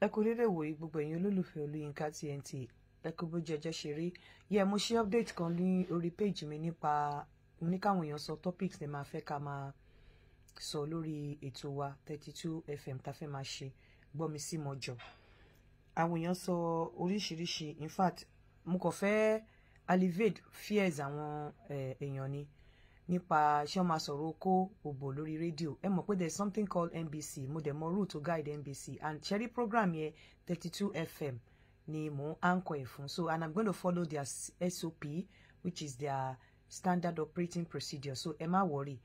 ẹ kú dédé wòye gbogbo ẹ̀yin olólùfẹ́ olóyinka TNT ẹ kú bójú ọjọ́ ṣe rí yẹ mo ṣe update kan ní orí page mi nípa mo ní káwọn èèyàn sọ topics tẹ máa fẹ́ ká máa sọ lórí ètò wa thirty two fm tá fẹ́ máa ṣe gbọ́ mi sí mọ́jọ àwọn èèyàn sọ oríṣiríṣi in fact mo kàn fẹ́ alleviate fears àwọn eh, èèyàn ni nípa ṣé wọ́n máa sọ̀rọ̀ okó òbò lórí rédíò ẹ mọ̀ pé there is something called NBC mo dẹ̀ mọ rule to guide NBC and cherry program yẹn thirty two FM ni mo ń anchor ẹ̀ fún so and i'm going to follow their SOP which is their standard operating procedure so ẹ má worry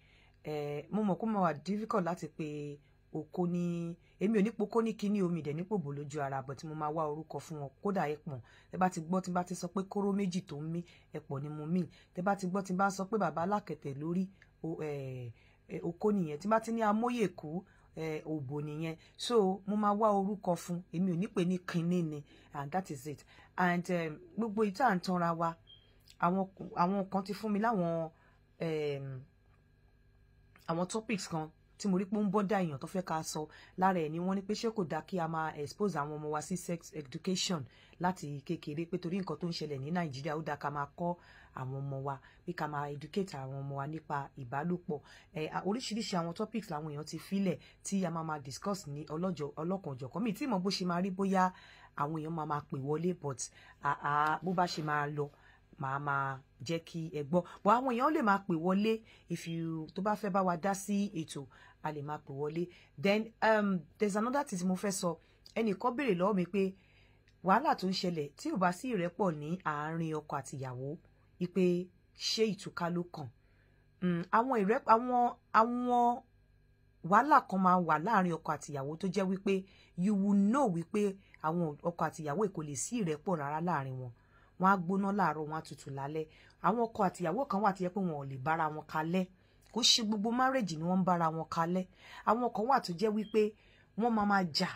ẹ mo mọ̀ kó máa wà difficult láti pe òkò ni èmi ò ní pokó ní kíní omi dẹ̀ ní pòbò lójú ara bọ̀ tí mo máa wá orúkọ fún wọn kódà ẹpọ̀n tẹ bá ti gbọ́ tí bá ti sọ pé kóró méjì tó ń mí ẹpọ̀n ni mo mìn tẹ bá ti gbọ́ tí bá sọ pé bàbá alákẹ̀tẹ̀ lórí òkò nìyẹn tí bá ti ní amóyè kú òbò nìyẹn so mo máa wá orúkọ fún èmi ò ní pè ní kíní ni and that is it and eh, gbogbo ìta à ń tanra wa àwọn kan ti fún mi láwọn eh, àwọn topics kan tí mo rí pé ó ń bọ́dà èèyàn tó fẹ́ ká sọ lára ẹ̀ ni wọ́n ní pé ṣé kò dáa kí a máa expose àwọn ọmọ wa sí sex education láti kékeré pé torí nǹkan tó ń ṣẹlẹ̀ ní nàìjíríà ó dáa ká máa kọ́ àwọn ọmọ wa pé ká máa educate àwọn ọmọ wa nípa ìbálòpọ̀ ẹ oríṣiríṣi àwọn topics làwọn èèyàn ti filẹ̀ tí a máa máa discuss ní ọlọ́jọ́ ọlọ́kanòjọ̀kan mi tí mo bó ṣe máa rí bóyá àwọn èèyàn máa máa pè wọlé but bó bá ṣe máa lọ màá máa jẹ́ kí ẹ gbọ́ bọ́ àwọn èèyàn lè máa pè wọlé if you tó bá fẹ́ bá wa dá sí ètò a lè máa pè wọlé then um, there's another thing tí mo fẹ́ sọ ẹnìkan béèrè lọ́wọ́ mi pé wàhálà tó ń ṣẹlẹ̀ tí ò bá sí ìrẹ́pọ̀ ní àárín ọkọ àtìyàwó ipe ṣé ìtúká ló kàn hmm, àwọn ìrẹ́pọ̀ àwọn àwọn wàhálà kan máa wà láàrin ọkọ àtìyàwó tó jẹ́ wípé you will know wípé àwọn ọkọ àtìyàwó kò lè sí ìrẹ́pọ̀ rárá láàrin wọn wọn á gbóná láàárọ̀ wọn á tutù lálẹ́ àwọn ọkọ àtìyàwó kan wà tó yẹ pé wọn ò lè bára wọn kalẹ́ kò ṣe gbogbo márèjì ni wọ́n ń bára wọn kalẹ̀ àwọn kan wà tó jẹ́ wípé wọ́n máa máa jà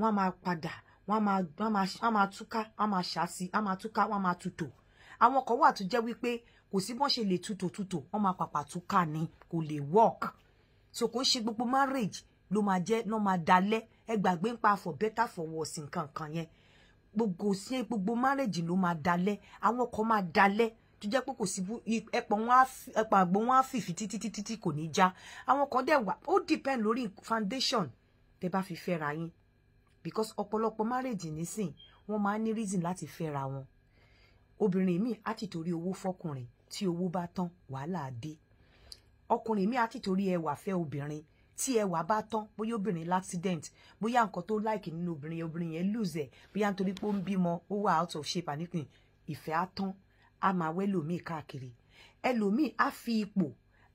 wọ́n máa padà wọ́n máa túká wọ́n máa ṣàṣì wọ́n máa túká wọ́n máa tutò àwọn kan wà tó jẹ́ wípé kò sí bọ́n ṣe lè tutò tutò wọ́n máa pàpà túká ni kò lè work so kò ṣe gbogbo márèjì ló máa jẹ́ náà máa dalẹ̀ ẹ gbàgbé ń pa for better for worse nǹkan kan yẹn gbogbo sí gbogbo márèjì ló máa dalẹ̀ àwọn kan máa dalẹ̀ tó jẹ́ pé kò sí ẹpọ̀ wọn ẹpọ̀ àgbo wọn á fìfì títí títí tí kò ní já àwọn kan dẹ̀ wà ó depend lórí foundation tẹ́ bá fi fẹ́ra yín because ọ̀pọ̀lọpọ̀ marriage nísìn wọ́n máa ń ní reason láti fẹ́ra wọn obìnrin mi á ti torí owó fọkùnrin tí owó bá tán wàhálà dé ọkùnrin mi á ti torí ẹwà fẹ́ obìnrin tí ẹwà bá tán bóyá obìnrin l'accident bóyá nǹkan tó láìkì nínú obìnrin obìnrin yẹn lose ẹ bóyá nítorí pé ó ń bímọ ó wà out of shape àníkùn ìfẹ́ á tán a máa wẹ́ lòmíì káàkiri ẹlòmíì á fi ipò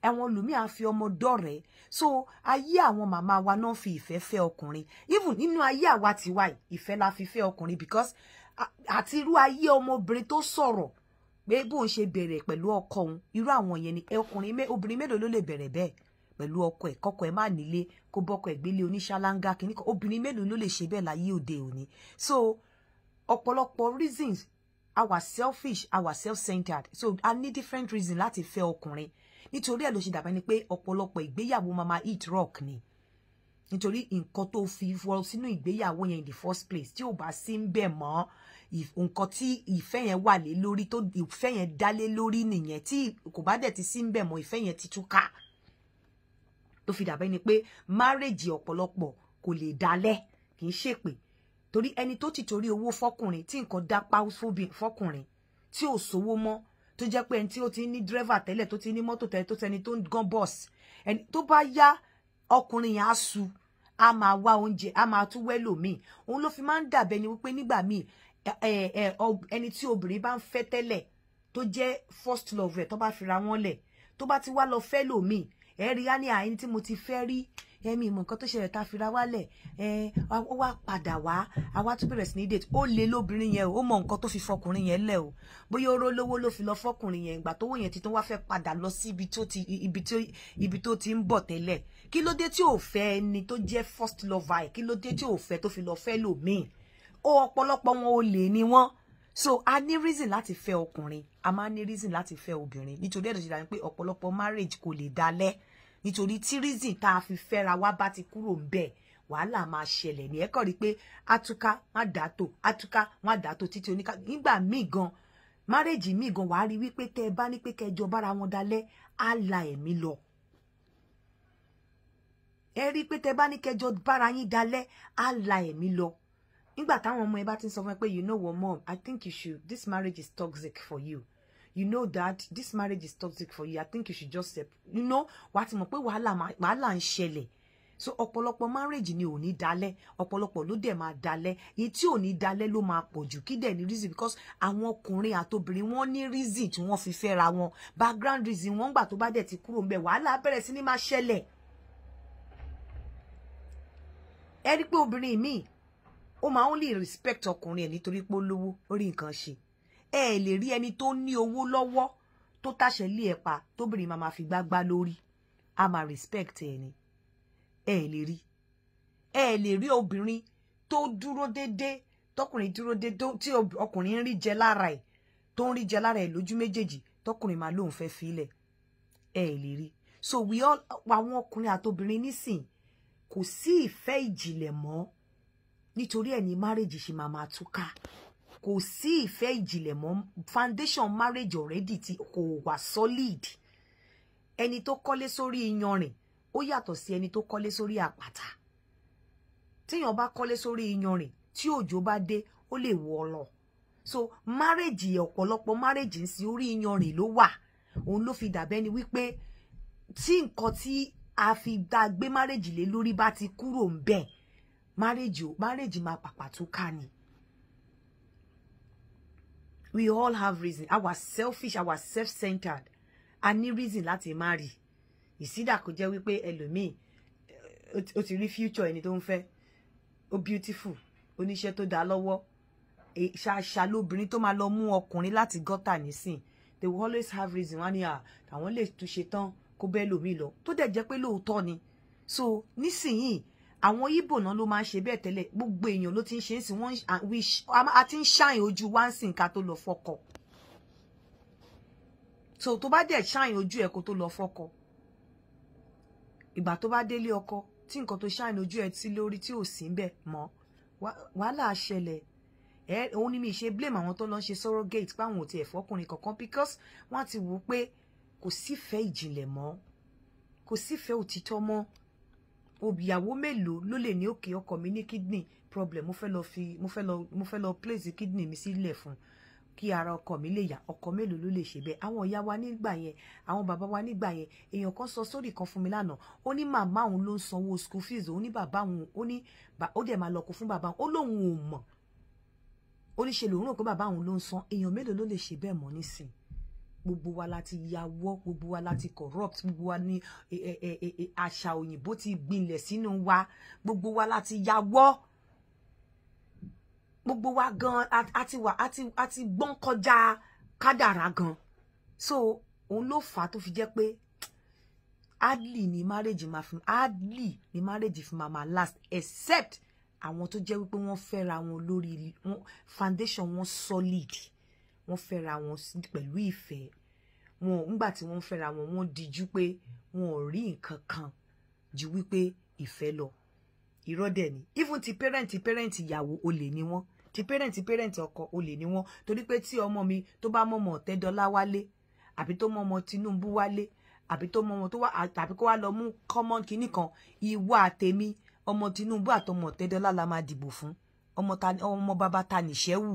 àwọn ẹlòmíì á fi ọmọ dọ̀rẹ́ so ayé àwọn màmá wa náà fi ìfẹ́ fẹ́ ọkùnrin even nínú ayé àwa tiwa yìí ìfẹ́ la fi fẹ́ ọkùnrin because àti irú ayé ọmọbìnrin tó sọ̀rọ̀ pé bóun ṣe bẹ̀rẹ̀ pẹ̀lú ọkọ òun irú àwọn yẹn ni ọkùnrin obìnrin mélòó ló lè bẹ̀rẹ̀ bẹ́ẹ̀ pẹ̀lú ọkọ ẹ̀ kọ́kọ́ ẹ̀ má nílé kó bọ́kọ ẹ̀ gbélé oníṣáláńgá kìíní kan obìnrin mélòó ló lè ṣe bẹ́ẹ̀ láyé òde òní so ọ̀pọ̀lọpọ̀ reasons Our selfish our self-centered so a ní different reason láti fẹ́ ọkùnrin nítorí ẹ̀ ló ṣe dàbẹ́ ni pé ọ̀pọ̀lọpọ̀ ìgbéyàwó mama eat rock ni nítorí nǹkan tó fi wọ sínú ìgbéyàwó yẹn in the first place tí ò bá sí ń bẹ̀ mọ́ nǹkan tí ìfẹ́ yẹn wà lé lórí tó ìfẹ́ yẹn dá lé lórí nìyẹn tí kò bá dẹ̀ ti sí ń bẹ̀ mọ́ ìfẹ́ yẹn ti túká tó fi dàbẹ́ ni pé márèjì ọ̀pọ̀lọpọ̀ kò lè dalẹ̀ kì í ṣèpè torí ẹni tó ti torí owó fọkùnrin tí nǹkan dá pàṣẹbí fọkùnrin tí ò sówó mọ́ tó jẹ́ pé ẹni tí ó ti ní dírẹ́fà tẹ́lẹ̀ tó ti ní mọ́tò tẹ́lẹ̀ tó tẹni tó ń gán bọ́ọ̀sì ẹni tó bá yá ọkùnrin yẹn á su a máa wá oúnjẹ a máa tún wẹ́ lòmíì òun ló fi máa ń dàbẹ́ ni wípé nígbà míì ẹni tí obìnrin bá ń fẹ́ tẹ́lẹ̀ tó jẹ́ first love rẹ̀ tó bá fira wọn lẹ̀ tó bá ti wá lọ fẹ́ lòmíì ẹ̀rí á ní àyín tí mo ti fẹ́ rí ẹ̀mí ìmọ̀ nǹkan tó ṣẹlẹ̀ tá a fira wálẹ̀ ẹ̀ ó wá padà wá a wá tún bẹ̀rẹ̀ sí ní date ó lé lóbìnrin yẹn ó mọ nǹkan tó fi fọkùnrin yẹn lẹ̀ o bóyá oró lówó ló fi lọ fọkùnrin yẹn ìgbà tówó yẹn ti tún wá fẹ́ padà lọ sí ibi tó ti ń bọ̀ tẹ́lẹ̀ kí ló dé tí ò fẹ́ ẹni tó jẹ́ first lover ẹ̀ kí ló dé tí ò fẹ́ tó fi lọ fẹ́ lòmíì ni wọ́n so a ní reason láti fẹ́ ọkùnrin a máa ní reason láti fẹ́ obìnrin nítorí ẹ̀dọ̀ ṣe dàbí pé ọ̀pọ̀lọpọ̀ marriage kò lè dalẹ̀ nítorí tí reason tá a fi fẹ́ra wa bá ti kúrò ń bẹ̀ wàhálà máa ṣẹlẹ̀ ní ẹ̀kọ́ rí pé atuka má dàtò atuka má dàtò títí oníkà nígbà míì gan márèjì míì gan wàá rí wípé tẹ́ ẹ bá ní pé kẹjọ bára wọn dalẹ̀ á la ẹ̀mí lọ ẹ rí pé tẹ́ bá ní kẹjọ bára yín dalẹ̀ á la ẹ̀mí lọ nígbà táwọn ọmọ ẹ bá ti sọ fún ẹ pé you know what mom i think you should this marriage is toxic for you you know that this marriage is toxic for you i think you should just step you know wàá ti mọ̀ pé wàhálà ń ṣẹlẹ̀ so ọ̀pọ̀lọpọ̀ marriage ni oni dale. dalẹ̀ ọ̀pọ̀lọpọ̀ ló dẹ̀ máa dalẹ̀ èyí tí ò ní dalẹ̀ ló máa pọ̀ jù kí dẹ̀ ní reason because àwọn ọkùnrin àtobìnrin wọ́n ní reason tí wọ́n fi fẹ́ra wọn background reason wọ́n gbà tó bá dẹ̀ ti kúrò ń bẹ̀ wàhálà bẹ̀rẹ̀ sí ní máa ṣẹlẹ̀ ẹ rí pé obìnrin míì ó respect ọkùnrin ẹ̀ Nitori pé ó lówó ó rí ẹ lè rí ẹni tó ní owó lọ́wọ́ tó tàṣẹ lé ẹ pa tóbìnrin máa fi gbágbá lórí a máa respect ẹ ni ẹ lè rí ẹ lè rí obìnrin tó dúró déédéé tọkùnrin dúró déédéé tí ọkùnrin ń rí jẹ lára ẹ tó ń rí jẹ lára ẹ lójú méjèèjì tọkùnrin máa lóun fẹ́ filẹ̀ ẹ lè rí so we all àwọn ọkùnrin àtobìnrin nísìn kò sí ìfẹ́ ìjìnlẹ̀ mọ́ nítorí ẹ̀ ní márèjì ṣe máa máa túká kò sí ìfẹ́ ìjìnlẹ̀ mọ́ foundation marriage already ti kò wà solid ẹni tó kọ́lé sórí iyanrìn ó yàtọ̀ sí ẹni tó kọ́lé sórí àpáta téèyàn bá kọ́lé sórí iyanrìn tí òjò bá dé ó lè wọ́ ọ lọ so marriage ọ̀pọ̀lọpọ̀ marriage ń sin orí iyanrìn ló wà òun ló fi dàbẹ́ ni wípé tí nǹkan tí a fi gba gbé marriage lé lórí bá ti kúrò ń bẹ̀ marriage ò marriage máa pàpà tó ká ni we all have reason our selfish our self-centered a ní reason láti má rí ìsídà kò jẹ́ wípé ẹlòmíì ó eh, ti rí future ẹni tó ń fẹ́ ó beautiful oníṣẹ́ tó dá lọ́wọ́ e, ṣàṣà lóbìnrin tó máa lọ mú ọkùnrin láti gọ́tà nísìn they will always have reason wọ́n ya. Ah, à àwọn lè tún ṣe tán kó bẹ́ẹ̀ lòmíì lọ tó dẹ̀ jẹ́ pé lóòótọ́ ni so nísìnyìí àwọn Ìgbò náà ló máa ń ṣe bẹ́ẹ̀ tẹ́lẹ̀ gbogbo èèyàn ló ti ń ṣe é sí wọ́n a ti ń ṣàyìn ojú wá ń sìn ká tó lọ fọkọ so tó bá dẹ̀ ṣàyìn ojú ẹ̀ kó tó lọ fọkọ ìgbà tó bá délé ọkọ tí nǹkan tó ṣàyìn ojú ẹ̀ tí lórí tí ò sí ń bẹ̀ mọ́ wàhálà ṣẹlẹ̀ ẹ òun ni mi ṣe blame àwọn tó lọ ń ṣe surrogate páwọn ò tiẹ̀ fọkùnrin kankan because wọ́n ti wò ó pé kò sífẹ̀ẹ́ ìjìnlẹ̀ mọ́ kò sífẹ̀ẹ́ òtítọ́ mọ́ obìyàwó mélòó ló lè ní òkè ọkọ mi ní kidney problem mo fẹ́ lọ fi mo fẹ́ lọ mo fẹ́ lọ place kidney mi sílẹ̀ fún kí ara ọkọ mi lè yá ọkọ mélòó ló lè ṣe bẹ́ẹ̀ àwọn ìyá wa nígbà yẹn àwọn bàbá wa nígbà yẹn èèyàn kan sọ sórí kan fún mi lánàá ó ní màmá òun ló ń sanwó school fees òun ní bàbá òun ó ní ó dẹ̀ máa lọ kó fún bàbá ó lóun ò mọ̀ ó ní ṣe lòun rò pé bàbá òun ló ń san èèyàn mélòó ló lè ṣe bẹ́ẹ̀ mọ́ nísìnyí gbogbo wa la ti yàwọ́ gbogbo wa la corrupt gbogbo wa ni e, e, e, àṣà òyìnbó ti gbilẹ̀ sínú wa gbogbo wa la ti yàwọ́ gbogbo wa gan àti wà àti gbọ́n kọjá kádàrá gan so òun ló fà á tó fi jẹ́ pé hardly ni marriage ma fi adli ni marriage fi ma ma last except àwọn tó jẹ́ wípé wọ́n fẹ́ra wọn lórí foundation wọn solid wọ́n fẹ́ra wọn pẹ̀lú ìfẹ́ wọn ńgbà tí wọ́n fẹ́ra wọn wọ́n dijú pé wọn ò rí nǹkan kan ju wípé ìfẹ́ lọ irọ́ dẹ̀ ni even ti pẹ́rẹ́ǹtì pẹ́rẹ́ǹtì ìyàwó olè ni wọ́n ti pẹ́rẹ́ǹtì pẹ́rẹ́ǹtì ọkọ olè ni wọ́n torí pé tí ọmọ mi tó bá mọ̀mọ́ ọ̀tẹ́dọ́lá wálé àbí tó mọ̀mọ́ Tinubu wálé àbí tó mọ̀mọ́ tó wá àbí kó wá lọ mú common kinní kan ìwà àtẹ̀mí ọmọ Tinubu àtọmọ ọ̀tẹ́dọ́lá la máa dìbò fún ọmọ bàbá ta nìṣẹ́ wù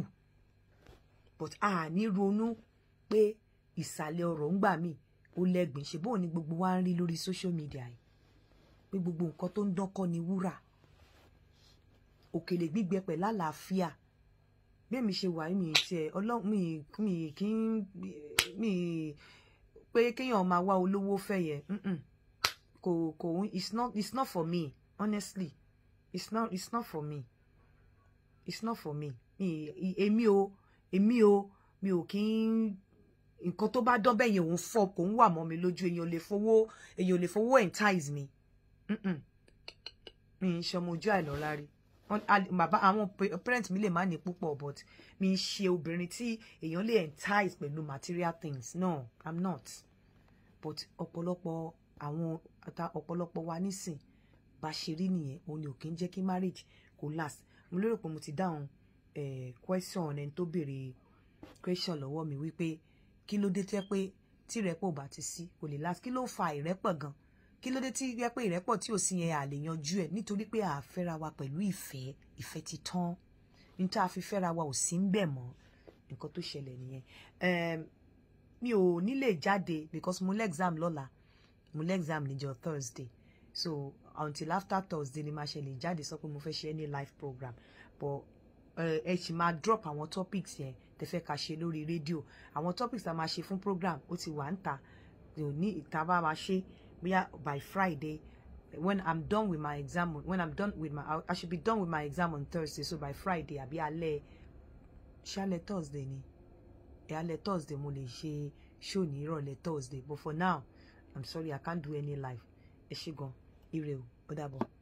but a ní ronú pé ìsàlẹ̀ ọ̀rọ̀ ń gbà mí ó lẹ́gbìn ṣe bóun ni gbogbo wa ń rí lórí social media yìí pé gbogbo nǹkan tó ń dánkọ́ ni wúrà òkèlè gbígbẹ pẹ̀lú àlàáfíà bẹ́ẹ̀mi ṣe wà mí tiẹ̀ ọlọ́run mi kì pé kéèyàn máa wá olówó fẹ́ yẹn kò kò it's not it's not for me honestly it's not it's not for me it's not for me èmi o èmi o mi ò kí ń nǹkan tó bá dán bẹ́ẹ̀ yẹn òun fọ́ kò ń wà mọ́ mi lójú èyàn lè fowó èyàn lè fowó entice mi mi ń ṣe ọmọ ojú àìlọ́lá rí bàbá àwọn parents mi lè má ní púpọ̀ but mi ń ṣe obìnrin tí èyàn lè entice pẹ̀lú material things no i'm not but ọ̀pọ̀lọpọ̀ àwọn ọ̀pọ̀lọpọ̀ wa nísìn bá ṣe rí nìyẹn òun ni ò kí ń jẹ́ kí marriage kò last mo lérò pé mo ti dáhùn eh, question ẹni tó béèrè question lọ́wọ́ mi wípé kí ló dé tó yẹ pé tí ìrẹ́pọ̀ ò bá ti sí kò lè last kí ló fa ìrẹ́pọ̀ gan kí ló dé tí yẹ pé ìrẹ́pọ̀ tí ò sí yẹn à lè yanjú ẹ̀ nítorí pé à fẹ́ra wa pẹ̀lú ìfẹ́ ìfẹ́ ti tán ní tá a fi fẹ́ra wa ò sí ń bẹ̀ mọ́ nǹkan tó ṣẹlẹ̀ nìyẹn ehm, mi ò ní jáde because mo lé exam lọ́la mo lé exam níjọ́ Thursday so until after Thursday ni màá ṣe lè jáde sọ pé mo fẹ́ ṣe any live program but eh, ẹ ṣì máa drop àwọn topics yẹn tẹ́ fẹ́ ká ṣe lórí rédíò àwọn topics tá a máa ṣe fún program ó ti wà ń ta ò ní ìta bá máa ṣe bóyá by Friday when I'm done with my exam when I'm done with my I should be done with my exam on Thursday so by Friday àbí alẹ́ ṣálẹ̀ Thursday ni ẹ̀ alẹ́ Thursday mo lè ṣe show ní ìrọ̀lẹ́ Thursday but for now I'm sorry I can't do any live ẹ ṣé gan ire o ó dàbọ̀.